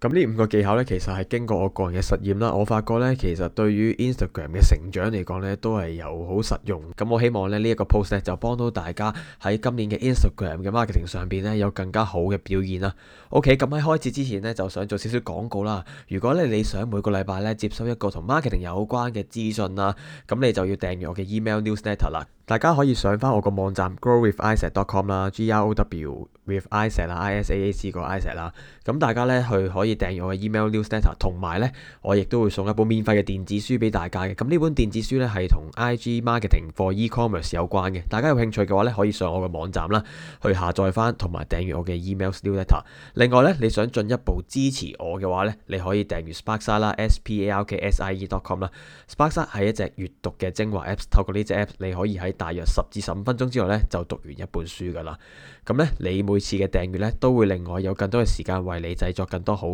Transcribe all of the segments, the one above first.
咁呢五個技巧呢，其實係經過我個人嘅實驗啦，我發覺呢，其實對於 Instagram 嘅成長嚟講呢，都係有好實用。咁我希望呢呢一個 post 就幫到大家喺今年嘅 Instagram 嘅 marketing 上邊呢，有更加好嘅表現啦。OK，咁喺開始之前呢，就想做少少廣告啦。如果你你想每個禮拜呢，接收一個同 marketing 有關嘅資訊啦，咁你就要訂閱我嘅 email newsletter 啦。大家可以上翻我個網站 growwithisac.com 啦，G-R-O-W with isac 啦，I-S-A-C 個 isac 啦。咁大家呢去可。可以訂入我嘅 email newsletter，同埋呢，我亦都會送一本免費嘅電子書俾大家嘅。咁呢本電子書呢，係同 Ig Marketing For Ecommerce 有關嘅。大家有興趣嘅話呢，可以上我嘅網站啦，去下載翻同埋訂入我嘅 email newsletter。另外呢，你想進一步支持我嘅話呢，你可以訂入 Spark 啦，s p a r k s i e dot com 啦。Spark 沙一隻閲讀嘅精華 app，s 透過呢隻 app，你可以喺大約十至十五分鐘之內呢，就讀完一本書㗎啦。咁呢，你每次嘅訂閱呢，都會令我有更多嘅時間為你製作更多好。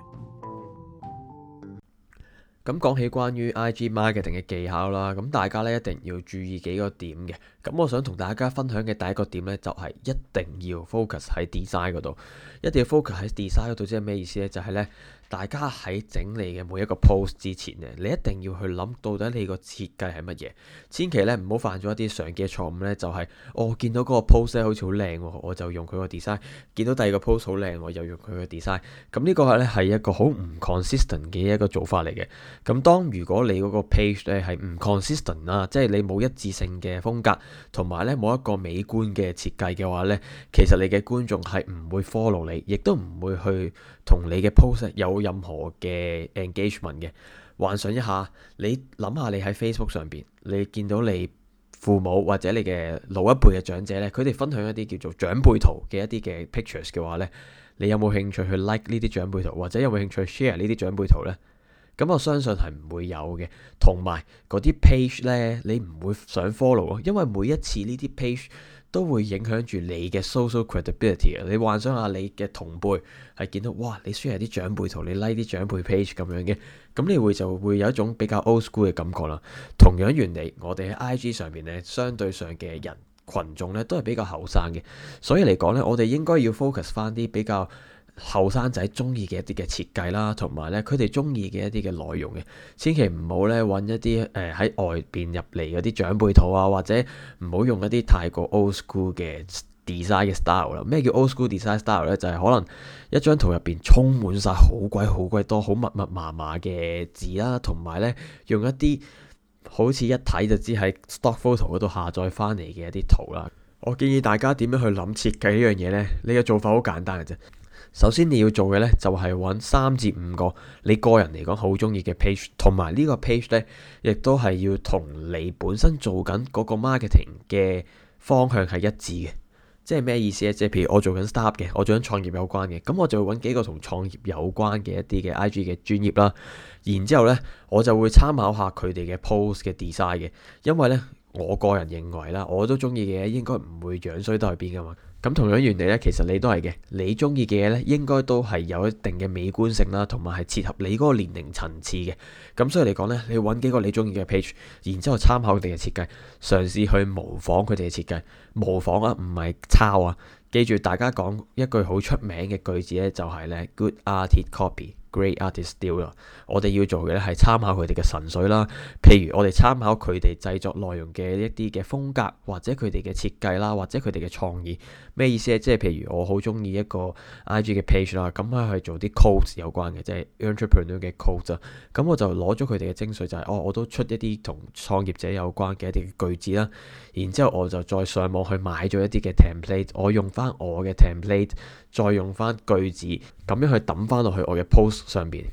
咁講起關於 IG marketing 嘅技巧啦，咁大家咧一定要注意幾個點嘅。咁我想同大家分享嘅第一個點咧，就係一定要 focus 喺 design 嗰度。一定要 focus 喺 design 嗰度，即係咩意思咧？就係咧。大家喺整理嘅每一個 post 之前咧，你一定要去諗到底你個設計係乜嘢，千祈咧唔好犯咗一啲常見嘅錯誤咧，就係、是、哦見到個 post 咧好似好靚，我就用佢個 design；見到第二個 post 好靚，我又用佢、嗯個 design。咁呢個咧係一個好唔 consistent 嘅一個做法嚟嘅。咁、嗯、當如果你嗰個 page 咧係唔 consistent 啦，即係你冇一致性嘅風格，同埋咧冇一個美觀嘅設計嘅話咧，其實你嘅觀眾係唔會 follow 你，亦都唔會去同你嘅 post 有，任何嘅 engagement 嘅，幻想一下，你諗下你喺 Facebook 上邊，你見到你父母或者你嘅老一輩嘅長者咧，佢哋分享一啲叫做長輩圖嘅一啲嘅 pictures 嘅話咧，你有冇興趣去 like 呢啲長輩圖，或者有冇興趣 share 呢啲長輩圖咧？咁我相信係唔會有嘅，同埋嗰啲 page 咧，你唔會想 follow 咯，因為每一次呢啲 page。都會影響住你嘅 social credibility。你幻想下你嘅同輩係見到哇，你雖然係啲長輩圖，你 like 啲長輩 page 咁樣嘅，咁你會就會有一種比較 old school 嘅感覺啦。同樣原理，我哋喺 IG 上面咧，相對上嘅人群眾咧都係比較後生嘅，所以嚟講咧，我哋應該要 focus 返啲比較後生仔中意嘅一啲嘅設計啦，同埋咧佢哋中意嘅一啲嘅內容嘅，千祈唔好咧揾一啲誒喺外邊入嚟嗰啲長輩圖啊，或者唔好用一啲太過 old school 嘅 design 嘅 style 啦。咩叫 old school design style 咧？就係可能一張圖入邊充滿晒好鬼好鬼多好密密麻麻嘅字啦，同埋咧用一啲好似一睇就知喺 stock photo 嗰度下載翻嚟嘅一啲圖啦。我建議大家點樣去諗設計呢樣嘢呢？你嘅做法好簡單嘅啫。首先你要做嘅呢，就係揾三至五個你個人嚟講好中意嘅 page，同埋呢個 page 呢，亦都係要同你本身做緊嗰個 marketing 嘅方向係一致嘅。即係咩意思呢？即係譬如我做緊 startup 嘅，我做緊創業有關嘅，咁我就會揾幾個同創業有關嘅一啲嘅 IG 嘅專頁啦。然之後呢，我就會參考下佢哋嘅 post 嘅 design 嘅，因為呢，我個人認為啦，我都中意嘅應該唔會樣衰都喺邊噶嘛。咁同樣原理呢，其實你都係嘅。你中意嘅嘢呢，應該都係有一定嘅美觀性啦，同埋係切合你嗰個年齡層次嘅。咁所以嚟講呢，你揾幾個你中意嘅 page，然之後參考佢哋嘅設計，嘗試去模仿佢哋嘅設計。模仿啊，唔係抄啊。記住，大家講一句好出名嘅句子呢，就係呢：「good artists copy。Great artists steal 啦，我哋要做嘅咧係參考佢哋嘅神髓啦。譬如我哋參考佢哋製作內容嘅一啲嘅風格，或者佢哋嘅設計啦，或者佢哋嘅創意。咩意思啊？即係譬如我好中意一個 IG 嘅 page 啦，咁佢去做啲 quotes 有關嘅，即係 entrepreneur 嘅 quotes 啊。咁我就攞咗佢哋嘅精髓，就是，就係哦，我都出一啲同創業者有關嘅一啲句子啦。然之後我就再上網去買咗一啲嘅 template，我用翻我嘅 template。再用翻句子咁樣去揼翻落去我嘅 post 上邊。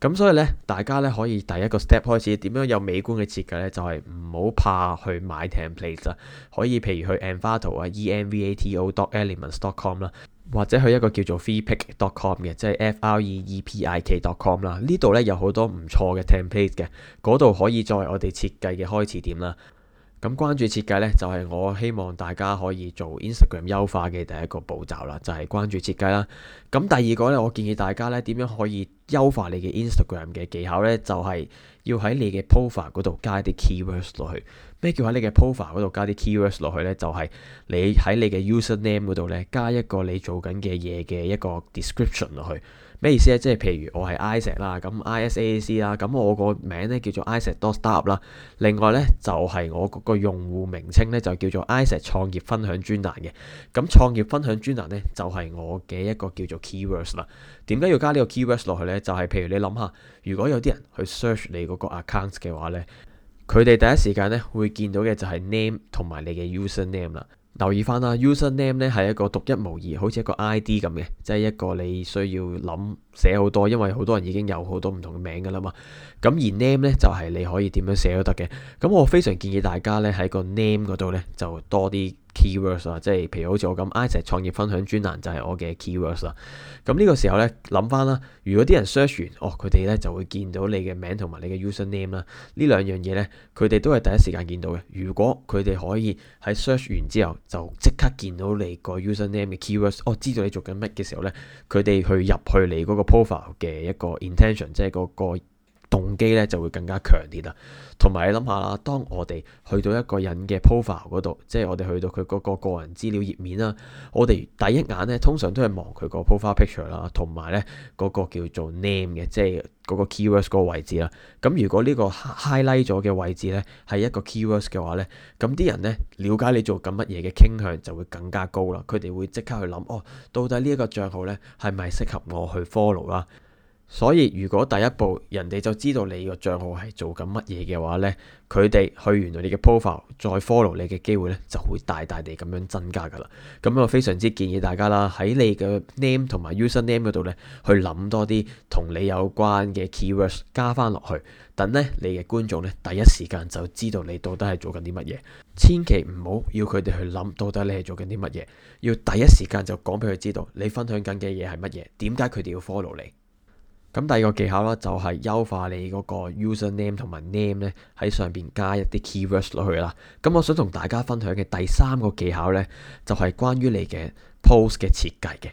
咁所以呢，大家呢可以第一個 step 開始點樣有美觀嘅設計呢？就係唔好怕去買 template 啦。可以譬如去 envato 啊，e-n-v-a-t-o.dot.elements.dot.com 啦，或者去一個叫做 freepik.dot.com 嘅，即係 f-r-e-e-p-i-k.dot.com 啦。呢度呢有好多唔錯嘅 template 嘅，嗰度可以作為我哋設計嘅開始點啦。咁關注設計咧，就係我希望大家可以做 Instagram 優化嘅第一個步驟啦，就係關注設計啦。咁第二個咧，我建議大家咧，點樣可以優化你嘅 Instagram 嘅技巧咧？就係要喺你嘅 profile 嗰度加啲 keywords 落去。咩叫喺你嘅 profile 嗰度加啲 keywords 落去咧？就係你喺你嘅 username 嗰度咧，加一個你做緊嘅嘢嘅一個 description 落去。咩意思咧？即係譬如我係 Isaac 啦，咁 Isaac 啦，咁我個名咧叫做 Isaac dot startup 啦。另外咧就係、是、我嗰個用戶名稱咧就叫做 Isaac 創業分享專欄嘅。咁創業分享專欄咧就係、是、我嘅一個叫做 keywords 啦。點解要加個呢個 keywords 落去咧？就係、是、譬如你諗下，如果有啲人去 search 你嗰個 accounts 嘅話咧，佢哋第一時間咧會見到嘅就係 name 同埋你嘅 user name 啦。留意翻啦，user name 咧係一個獨一無二，好似一個 ID 咁嘅，即係一個你需要諗寫好多，因為好多人已經有好多唔同嘅名噶啦嘛。咁而 name 咧就係你可以點樣寫都得嘅。咁我非常建議大家咧喺個 name 嗰度咧就多啲。keywords 啦，即係譬如好似我咁，Iset 創業分享專欄就係我嘅 keywords 啦。咁呢個時候呢，諗翻啦，如果啲人 search 完，哦佢哋呢就會見到你嘅名同埋你嘅 user name 啦。呢兩樣嘢呢，佢哋都係第一時間見到嘅。如果佢哋可以喺 search 完之後就即刻見到你個 user name 嘅 keywords，哦，知道你做緊乜嘅時候呢，佢哋去入去你嗰個 profile 嘅一個 intention，即係嗰個。動機咧就會更加強烈啦，同埋你諗下啦，當我哋去到一個人嘅 profile 嗰度，即係我哋去到佢嗰個個人資料頁面啦，我哋第一眼咧通常都係望佢個 profile picture 啦，同埋咧嗰個叫做 name 嘅，即係嗰個 keywords 個位置啦。咁如果呢個 highlight 咗嘅位置咧係一個 keywords 嘅話咧，咁啲人咧了解你做緊乜嘢嘅傾向就會更加高啦。佢哋會即刻去諗哦，到底呢一個帳號咧係咪適合我去 follow 啦？所以如果第一步人哋就知道你個賬號係做緊乜嘢嘅話呢，佢哋去完你嘅 profile 再 follow 你嘅機會呢，就會大大地咁樣增加噶啦。咁我非常之建議大家啦，喺你嘅 name 同埋 username 嗰度呢，去諗多啲同你有關嘅 keywords 加翻落去，等呢你嘅觀眾呢，第一時間就知道你到底係做緊啲乜嘢。千祈唔好要佢哋去諗到底你係做緊啲乜嘢，要第一時間就講俾佢知道你分享緊嘅嘢係乜嘢，點解佢哋要 follow 你。咁第二個技巧啦，就係優化你嗰個 user name 同埋 name 咧，喺上邊加一啲 keywords 落去啦。咁我想同大家分享嘅第三個技巧咧，就係關於你嘅 post 嘅設計嘅。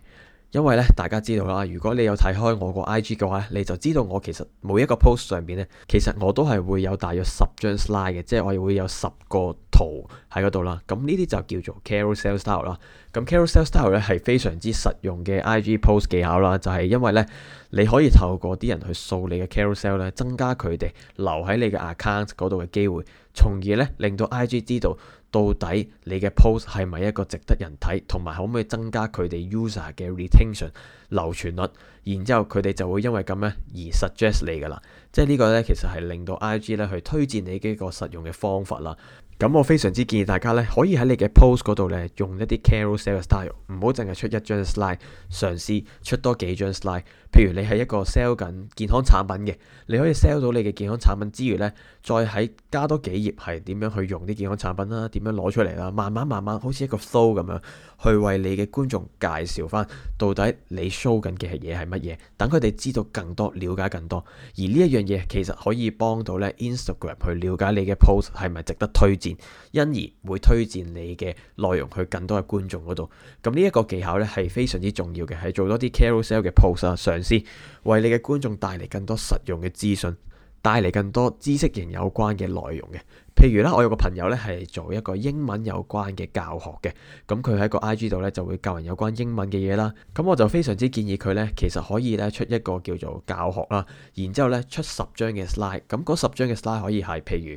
因為咧，大家知道啦，如果你有睇開我個 IG 嘅話，你就知道我其實每一個 post 上邊咧，其實我都係會有大約十張 slide 嘅，即係我會有十個圖喺嗰度啦。咁呢啲就叫做 carousel style 啦。咁 carousel style 咧係非常之實用嘅 IG post 技巧啦。就係、是、因為咧，你可以透過啲人去掃你嘅 carousel 咧，增加佢哋留喺你嘅 account 嗰度嘅機會，從而咧令到 IG 知道。到底你嘅 post 係咪一個值得人睇，同埋可唔可以增加佢哋 user 嘅 retention 留存率？然之後佢哋就會因為咁咧而 suggest 你噶啦，即係呢個咧其實係令到 IG 咧去推薦你幾個實用嘅方法啦。咁我非常之建議大家咧，可以喺你嘅 post 度咧，用一啲 carousel style，唔好淨係出一張 slide，嘗試出多幾張 slide。譬如你係一個 sell 緊健康產品嘅，你可以 sell 到你嘅健康產品之餘咧，再喺加多幾頁係點樣去用啲健康產品啦，點樣攞出嚟啦，慢慢慢慢好似一個 show 咁樣去為你嘅觀眾介紹翻到底你 show 緊嘅嘢係乜嘢，等佢哋知道更多，了解更多。而呢一樣嘢其實可以幫到咧，Instagram 去了解你嘅 post 係咪值得推薦。因而會推薦你嘅內容去更多嘅觀眾嗰度，咁呢一個技巧呢，係非常之重要嘅，係做多啲 carousel 嘅 post 啊，嘗試為你嘅觀眾帶嚟更多實用嘅資訊，帶嚟更多知識型有關嘅內容嘅。譬如啦，我有個朋友咧係做一個英文有關嘅教學嘅，咁佢喺個 IG 度咧就會教人有關英文嘅嘢啦。咁我就非常之建議佢咧，其實可以咧出一個叫做教學啦，然之後咧出十張嘅 slide。咁十張嘅 slide 可以係譬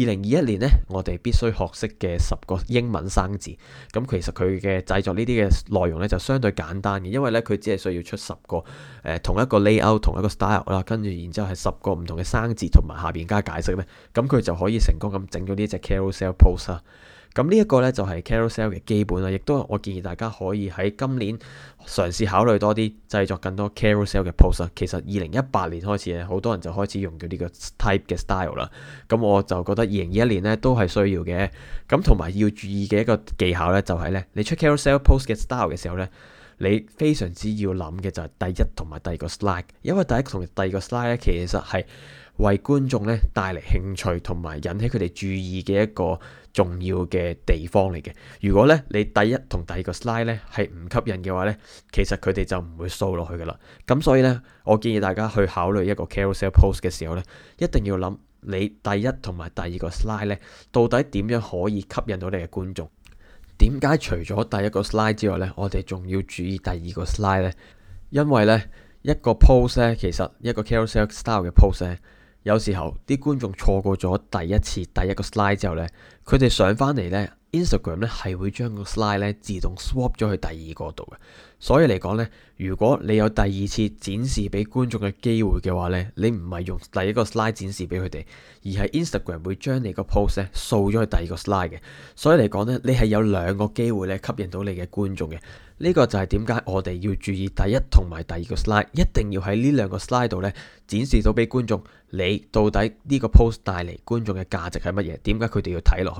如二零二一年咧，我哋必須學識嘅十個英文生字。咁其實佢嘅製作呢啲嘅內容咧就相對簡單嘅，因為咧佢只係需要出十個誒同一個 layout、同一個 style 啦，跟住然之後係十個唔同嘅生字同埋下邊加解釋咧。咁佢就可以成功咁。整咗呢隻 carousel poster。咁呢一個呢，就係 carousel 嘅基本啦，亦都我建議大家可以喺今年嘗試考慮多啲製作更多 carousel 嘅 poster。其實二零一八年開始咧，好多人就開始用咗呢個 type 嘅 style 啦。咁我就覺得二零二一年呢都係需要嘅。咁同埋要注意嘅一個技巧呢，就係呢：你出 carousel post 嘅 style 嘅時候呢，你非常之要諗嘅就係第一同埋第二個 slide，因為第一同第二個 slide 咧其實係。為觀眾咧帶嚟興趣同埋引起佢哋注意嘅一個重要嘅地方嚟嘅。如果咧你第一同第二個 slide 咧係唔吸引嘅話咧，其實佢哋就唔會掃落去㗎喇。咁所以咧，我建議大家去考慮一個 carousel post 嘅時候咧，一定要諗你第一同埋第二個 slide 咧，到底點樣可以吸引到你嘅觀眾？點解除咗第一個 slide 之外咧，我哋仲要注意第二個 slide 咧？因為咧一個 post 咧，其實一個 carousel style 嘅 post 咧。有時候啲觀眾錯過咗第一次第一個 slide 之後咧。佢哋上翻嚟呢 Instagram 咧係會將個 slide 咧自動 swap 咗去第二個度嘅，所以嚟講呢，如果你有第二次展示俾觀眾嘅機會嘅話呢，你唔係用第一個 slide 展示俾佢哋，而係 Instagram 會將你個 post 咧掃咗去第二個 slide 嘅，所以嚟講呢，你係有兩個機會咧吸引到你嘅觀眾嘅，呢個就係點解我哋要注意第一同埋第二個 slide 一定要喺呢兩個 slide 度呢展示到俾觀眾你到底呢個 post 帶嚟觀眾嘅價值係乜嘢，點解佢哋要睇落。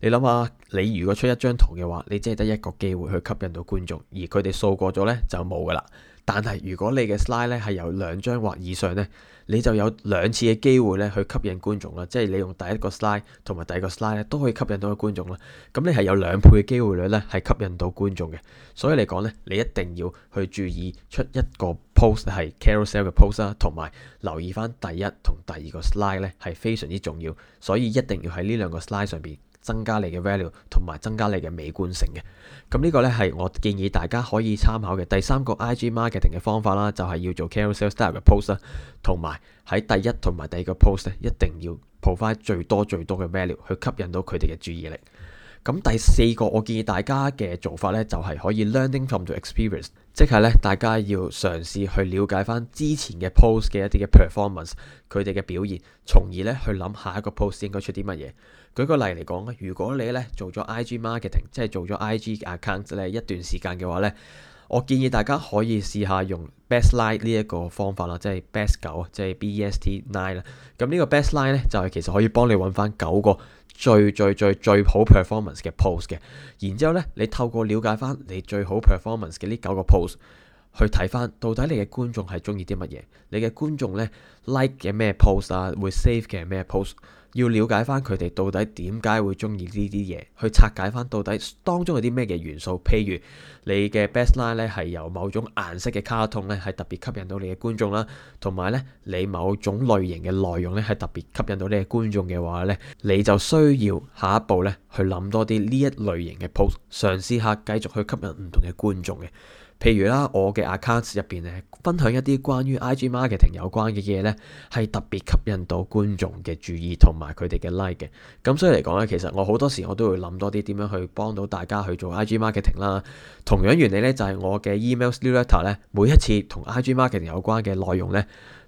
你諗下，你如果出一張圖嘅話，你只係得一個機會去吸引到觀眾，而佢哋數過咗呢，就冇㗎喇。但係如果你嘅 slide 咧係有兩張或以上咧，你就有兩次嘅機會咧去吸引觀眾啦。即係你用第一個 slide 同埋第二個 slide 咧都可以吸引到嘅觀眾啦。咁你係有兩倍嘅機會率咧係吸引到觀眾嘅。所以嚟講咧，你一定要去注意出一個 post 係 carousel 嘅 post 啦，同埋留意返第一同第二個 slide 咧係非常之重要。所以一定要喺呢兩個 slide 上邊，增加你嘅 value 同埋增加你嘅美觀性嘅，咁、這、呢個呢，係我建議大家可以參考嘅第三個 IG marketing 嘅方法啦，就係、是、要做 Carousel style 嘅 post 啦，同埋喺第一同埋第二個 post 呢，一定要 provide 最多最多嘅 value 去吸引到佢哋嘅注意力。咁第四個我建議大家嘅做法呢，就係可以 learning from the experience，即係呢，大家要嘗試去了解翻之前嘅 post 嘅一啲嘅 performance，佢哋嘅表現，從而呢，去諗下一個 post 應該出啲乜嘢。舉個例嚟講咧，如果你咧做咗 IG marketing，即係做咗 IG account 咧一段時間嘅話咧，我建議大家可以試下用 Best Nine 呢一個方法啦，即係 Best 九，即係 B E S T Nine 啦。咁呢個 Best Nine 咧就係、是、其實可以幫你揾翻九個最，最最最最好 performance 嘅 post 嘅。然之後咧，你透過了解翻你最好 performance 嘅呢九個 post，s, 去睇翻到底你嘅觀眾係中意啲乜嘢，你嘅觀眾咧 like 嘅咩 post 啊，會 save 嘅咩 post。要了解翻佢哋到底點解會中意呢啲嘢，去拆解翻到底當中有啲咩嘅元素。譬如你嘅 best line 咧，係由某種顏色嘅卡通咧，係特別吸引到你嘅觀眾啦。同埋咧，你某種類型嘅內容咧，係特別吸引到你嘅觀眾嘅話咧，你就需要下一步咧，去諗多啲呢一類型嘅 post，嘗試下繼續去吸引唔同嘅觀眾嘅。譬如啦，我嘅 account 入邊咧，分享一啲關於 IG marketing 有關嘅嘢咧，係特別吸引到觀眾嘅注意同埋佢哋嘅 like 嘅。咁所以嚟講咧，其實我好多時我都會諗多啲點樣去幫到大家去做 IG marketing 啦。同樣原理咧，就係我嘅 email newsletter 咧，每一次同 IG marketing 有關嘅內容咧，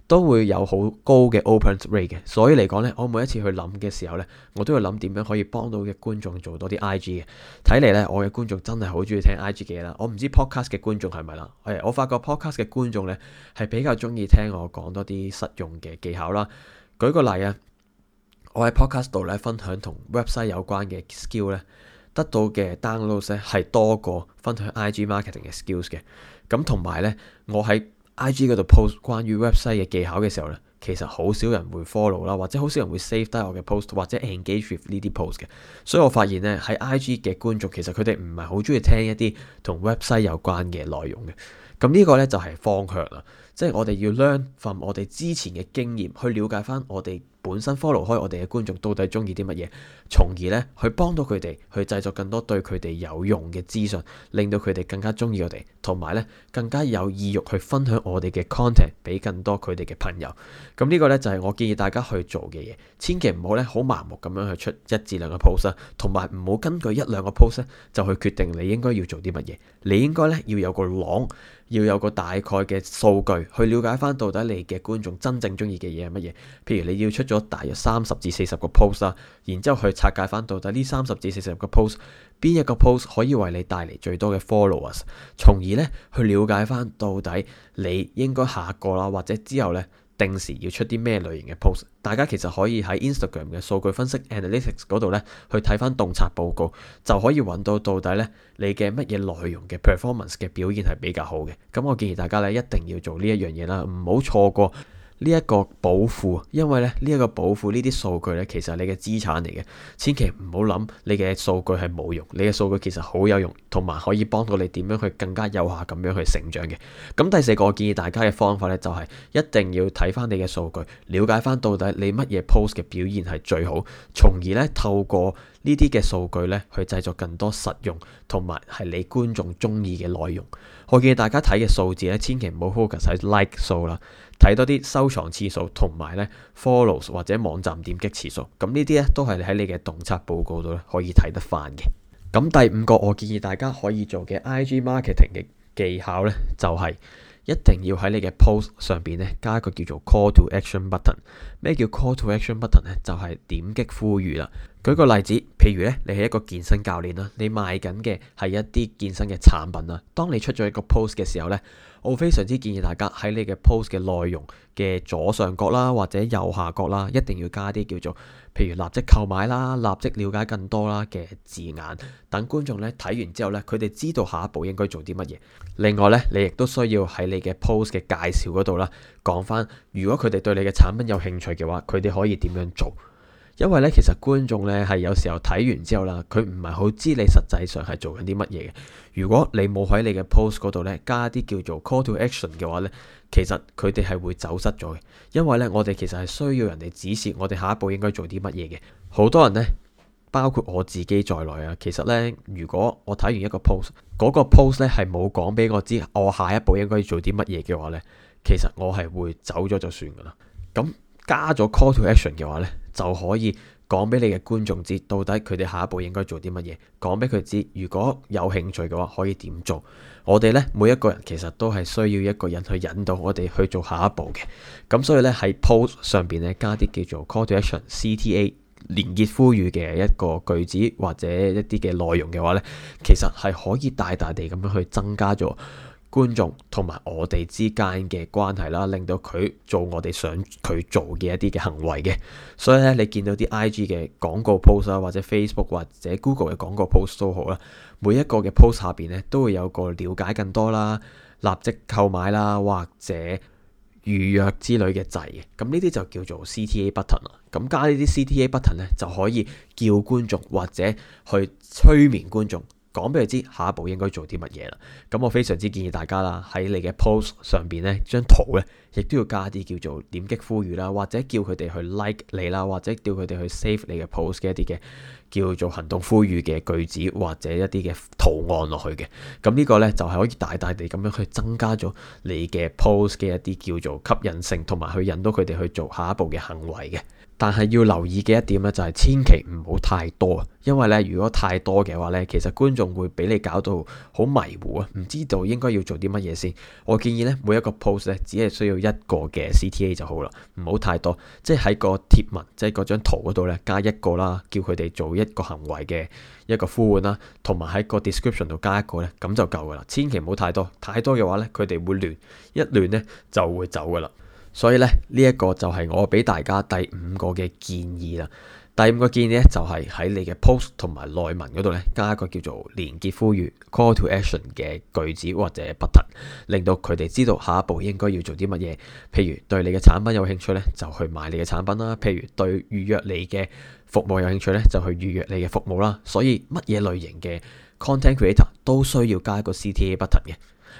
都會有好高嘅 opens rate 嘅，所以嚟講呢，我每一次去諗嘅時候呢，我都會諗點樣可以幫到嘅觀眾做多啲 IG 嘅。睇嚟呢，我嘅觀眾真係好中意聽 IG 嘅嘢啦。我唔知 podcast 嘅觀眾係咪啦？誒，我發覺 podcast 嘅觀眾呢，係比較中意聽我講多啲實用嘅技巧啦。舉個例啊，我喺 podcast 度呢，分享同 website 有關嘅 skill 呢，得到嘅 downloads 呢係多過分享 IG marketing 嘅 skills 嘅。咁同埋呢，我喺 IG 嗰度 post 關於 website 嘅技巧嘅時候咧，其實好少人會 follow 啦，或者好少人會 save 低我嘅 post 或者 engage with 呢啲 post 嘅，所以我發現咧喺 IG 嘅觀眾其實佢哋唔係好中意聽一啲同 website 有關嘅內容嘅，咁呢個咧就係方向啦，即係我哋要 learn from 我哋之前嘅經驗去了解翻我哋。本身 follow 開我哋嘅觀眾到底中意啲乜嘢，從而咧去幫到佢哋去製作更多對佢哋有用嘅資訊，令到佢哋更加中意我哋，同埋咧更加有意欲去分享我哋嘅 content 俾更多佢哋嘅朋友。咁呢個咧就係我建議大家去做嘅嘢，千祈唔好咧好盲目咁樣去出一至兩個 post，同埋唔好根據一兩個 post 咧就去決定你應該要做啲乜嘢。你應該咧要有個網，要有個大概嘅數據去了解翻到底你嘅觀眾真正中意嘅嘢係乜嘢，譬如你要出咗大約三十至四十個 post 啦，然之後去拆解翻到底呢三十至四十個 post 邊一個 post 可以為你帶嚟最多嘅 followers，從而呢去了解翻到底你應該下一個啦，或者之後呢定時要出啲咩類型嘅 post。大家其實可以喺 Instagram 嘅數據分析 Analytics 嗰度呢去睇翻洞察報告，就可以揾到到底呢你嘅乜嘢內容嘅 performance 嘅表現係比較好嘅。咁我建議大家呢一定要做呢一樣嘢啦，唔好錯過。呢一個保護，因為咧呢一個保護呢啲數據咧，其實係你嘅資產嚟嘅，千祈唔好諗你嘅數據係冇用，你嘅數據其實好有用，同埋可以幫到你點樣去更加有效咁樣去成長嘅。咁第四個建議大家嘅方法咧，就係一定要睇翻你嘅數據，了解翻到底你乜嘢 post 嘅表現係最好，從而咧透過呢啲嘅數據咧去製作更多實用同埋係你觀眾中意嘅內容。我建議大家睇嘅數字咧，千祈唔好 focus 喺 like 數啦。睇多啲收藏次數同埋咧 follows 或者網站點擊次數，咁呢啲咧都係你喺你嘅洞察報告度咧可以睇得返嘅。咁第五個我建議大家可以做嘅 IG marketing 嘅技巧咧，就係一定要喺你嘅 post 上邊咧加一個叫做 call to action button。咩叫 call to action button 咧？就係點擊呼籲啦。舉個例子，譬如咧，你係一個健身教練啦，你賣緊嘅係一啲健身嘅產品啦。當你出咗一個 post 嘅時候咧，我非常之建議大家喺你嘅 post 嘅內容嘅左上角啦，或者右下角啦，一定要加啲叫做，譬如立即購買啦，立即了解更多啦嘅字眼，等觀眾咧睇完之後咧，佢哋知道下一步應該做啲乜嘢。另外咧，你亦都需要喺你嘅 post 嘅介紹嗰度啦，講翻如果佢哋對你嘅產品有興趣嘅話，佢哋可以點樣做。因為咧，其實觀眾咧係有時候睇完之後啦，佢唔係好知你實際上係做緊啲乜嘢嘅。如果你冇喺你嘅 post 嗰度咧加啲叫做 call to action 嘅話咧，其實佢哋係會走失咗嘅。因為咧，我哋其實係需要人哋指示我哋下一步應該做啲乜嘢嘅。好多人呢，包括我自己在內啊，其實咧，如果我睇完一個 post，嗰個 post 咧係冇講俾我知我下一步應該做啲乜嘢嘅話咧，其實我係會走咗就算噶啦。咁、嗯加咗 call to action 嘅話呢，就可以講俾你嘅觀眾知到底佢哋下一步應該做啲乜嘢，講俾佢知如果有興趣嘅話可以點做。我哋呢，每一個人其實都係需要一個人去引導我哋去做下一步嘅。咁所以呢，喺 post 上邊呢，加啲叫做 call to action CTA 連結呼籲嘅一個句子或者一啲嘅內容嘅話呢，其實係可以大大地咁樣去增加咗。觀眾同埋我哋之間嘅關係啦，令到佢做我哋想佢做嘅一啲嘅行為嘅。所以咧，你見到啲 IG 嘅廣告 post 啊，或者 Facebook 或者 Google 嘅廣告 post 都好啦，每一個嘅 post 下邊咧都會有個了解更多啦、立即購買啦或者預約之類嘅掣嘅。咁呢啲就叫做 CTA button 啦。咁加呢啲 CTA button 咧，就可以叫觀眾或者去催眠觀眾。講俾佢知下一步應該做啲乜嘢啦。咁我非常之建議大家啦，喺你嘅 post 上邊咧，張圖咧，亦都要加啲叫做點擊呼籲啦，或者叫佢哋去 like 你啦，或者叫佢哋去 save 你嘅 post 嘅一啲嘅叫做行動呼籲嘅句子，或者一啲嘅圖案落去嘅。咁呢個咧就係可以大大地咁樣去增加咗你嘅 post 嘅一啲叫做吸引性，同埋去引到佢哋去做下一步嘅行為嘅。但係要留意嘅一點咧，就係千祈唔好太多，因為咧如果太多嘅話咧，其實觀眾會俾你搞到好迷糊啊，唔知道應該要做啲乜嘢先。我建議咧，每一個 post 咧只係需要一個嘅 CTA 就好啦，唔好太多。即係喺個貼文，即係嗰張圖嗰度咧加一個啦，叫佢哋做一個行為嘅一個呼喚啦，同埋喺個 description 度加一個咧，咁就夠噶啦。千祈唔好太多，太多嘅話咧，佢哋會亂，一亂咧就會走噶啦。所以咧，呢一個就係我俾大家第五個嘅建議啦。第五個建議咧，就係喺你嘅 post 同埋內文嗰度咧，加一個叫做連結呼籲 （call to action） 嘅句子或者 button，令到佢哋知道下一步應該要做啲乜嘢。譬如對你嘅產品有興趣咧，就去買你嘅產品啦；譬如對預約你嘅服務有興趣咧，就去預約你嘅服務啦。所以乜嘢類型嘅 content creator 都需要加一個 CTA button 嘅。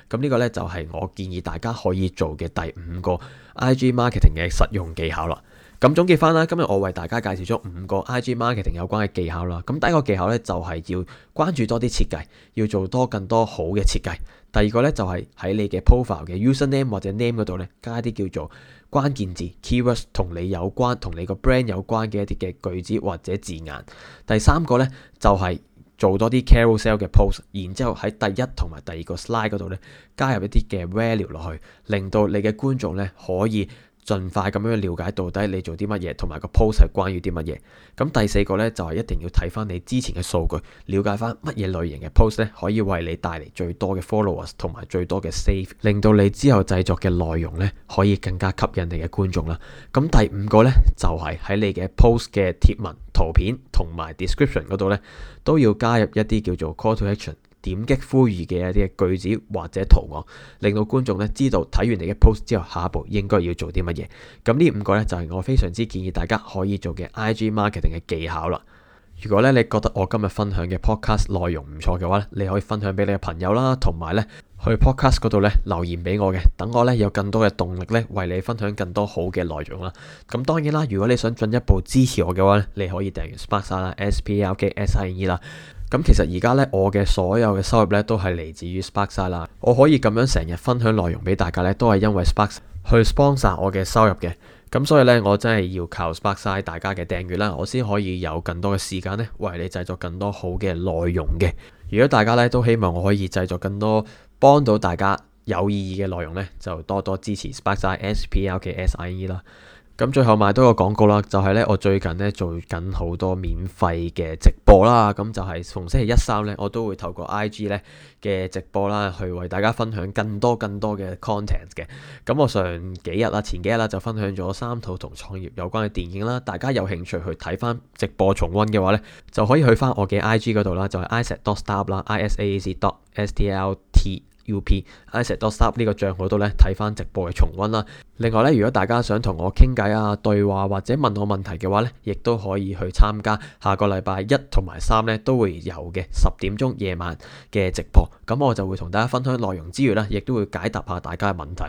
咁呢個咧就係我建議大家可以做嘅第五個。IG marketing 嘅實用技巧啦，咁總結返啦，今日我為大家介紹咗五個 IG marketing 有關嘅技巧啦。咁第一個技巧咧就係、是、要關注多啲設計，要做多更多好嘅設計。第二個咧就係、是、喺你嘅 profile 嘅 user name 或者 name 嗰度咧加一啲叫做關鍵字 keywords 同你有關、同你個 brand 有關嘅一啲嘅句子或者字眼。第三個咧就係、是。做多啲 carousel 嘅 post，然之後喺第一同埋第二個 slide 嗰度咧，加入一啲嘅 value 落去，令到你嘅觀眾咧可以，盡快咁樣去了解到底你做啲乜嘢，同埋個 post 係關於啲乜嘢。咁第四個呢，就係、是、一定要睇翻你之前嘅數據，了解翻乜嘢類型嘅 post 呢，可以為你帶嚟最多嘅 followers 同埋最多嘅 save，令到你之後製作嘅內容呢，可以更加吸引你嘅觀眾啦。咁第五個呢，就係、是、喺你嘅 post 嘅貼文圖片同埋 description 嗰度呢，都要加入一啲叫做 call to action。點擊呼籲嘅一啲句子或者圖案，令到觀眾咧知道睇完你嘅 post 之後，下一步應該要做啲乜嘢。咁呢五個咧就係我非常之建議大家可以做嘅 IG marketing 嘅技巧啦。如果咧你覺得我今日分享嘅 podcast 內容唔錯嘅話咧，你可以分享俾你嘅朋友啦，同埋咧去 podcast 嗰度咧留言俾我嘅，等我咧有更多嘅動力咧為你分享更多好嘅內容啦。咁當然啦，如果你想進一步支持我嘅話咧，你可以訂閱 s p a c e 啦，S P L K S I E 啦。咁其實而家呢，我嘅所有嘅收入呢，都係嚟自於 Sparks 啦。我可以咁樣成日分享內容俾大家呢，都係因為 Sparks 去 sponsor 我嘅收入嘅。咁所以呢，我真係要靠 Sparks 大家嘅訂閱啦，我先可以有更多嘅時間呢，為你製作更多好嘅內容嘅。如果大家呢，都希望我可以製作更多幫到大家有意義嘅內容呢，就多多支持 Sparks S P L 嘅 S I E 啦。咁最後賣多個廣告啦，就係呢，我最近呢，做緊好多免費嘅直播啦，咁就係逢星期一三呢，我都會透過 IG 呢嘅直播啦，去為大家分享更多更多嘅 content 嘅。咁我上幾日啦，前幾日啦，就分享咗三套同創業有關嘅電影啦，大家有興趣去睇翻直播重溫嘅話呢，就可以去翻我嘅 IG 嗰度啦，就係 isaac.start 啦 isaac.stlt is a U.P. i s a t o Stop 個帳呢個賬號度咧睇翻直播嘅重温啦。另外咧，如果大家想同我傾偈啊、對話或者問我問題嘅話咧，亦都可以去參加下個禮拜一同埋三咧都會有嘅十點鐘夜晚嘅直播。咁我就會同大家分享內容之餘咧，亦都會解答下大家嘅問題。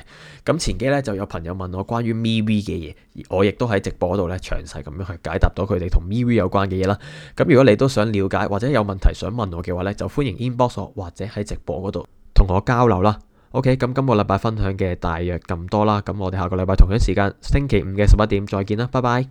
咁前幾咧就有朋友問我關於 MiV 嘅嘢，我亦都喺直播度咧詳細咁樣去解答到佢哋同 MiV 有關嘅嘢啦。咁如果你都想了解或者有問題想問我嘅話咧，就歡迎 inbox 我或者喺直播嗰度。同我交流啦。OK，咁今個禮拜分享嘅大約咁多啦。咁我哋下個禮拜同一時間星期五嘅十一點再見啦，拜拜。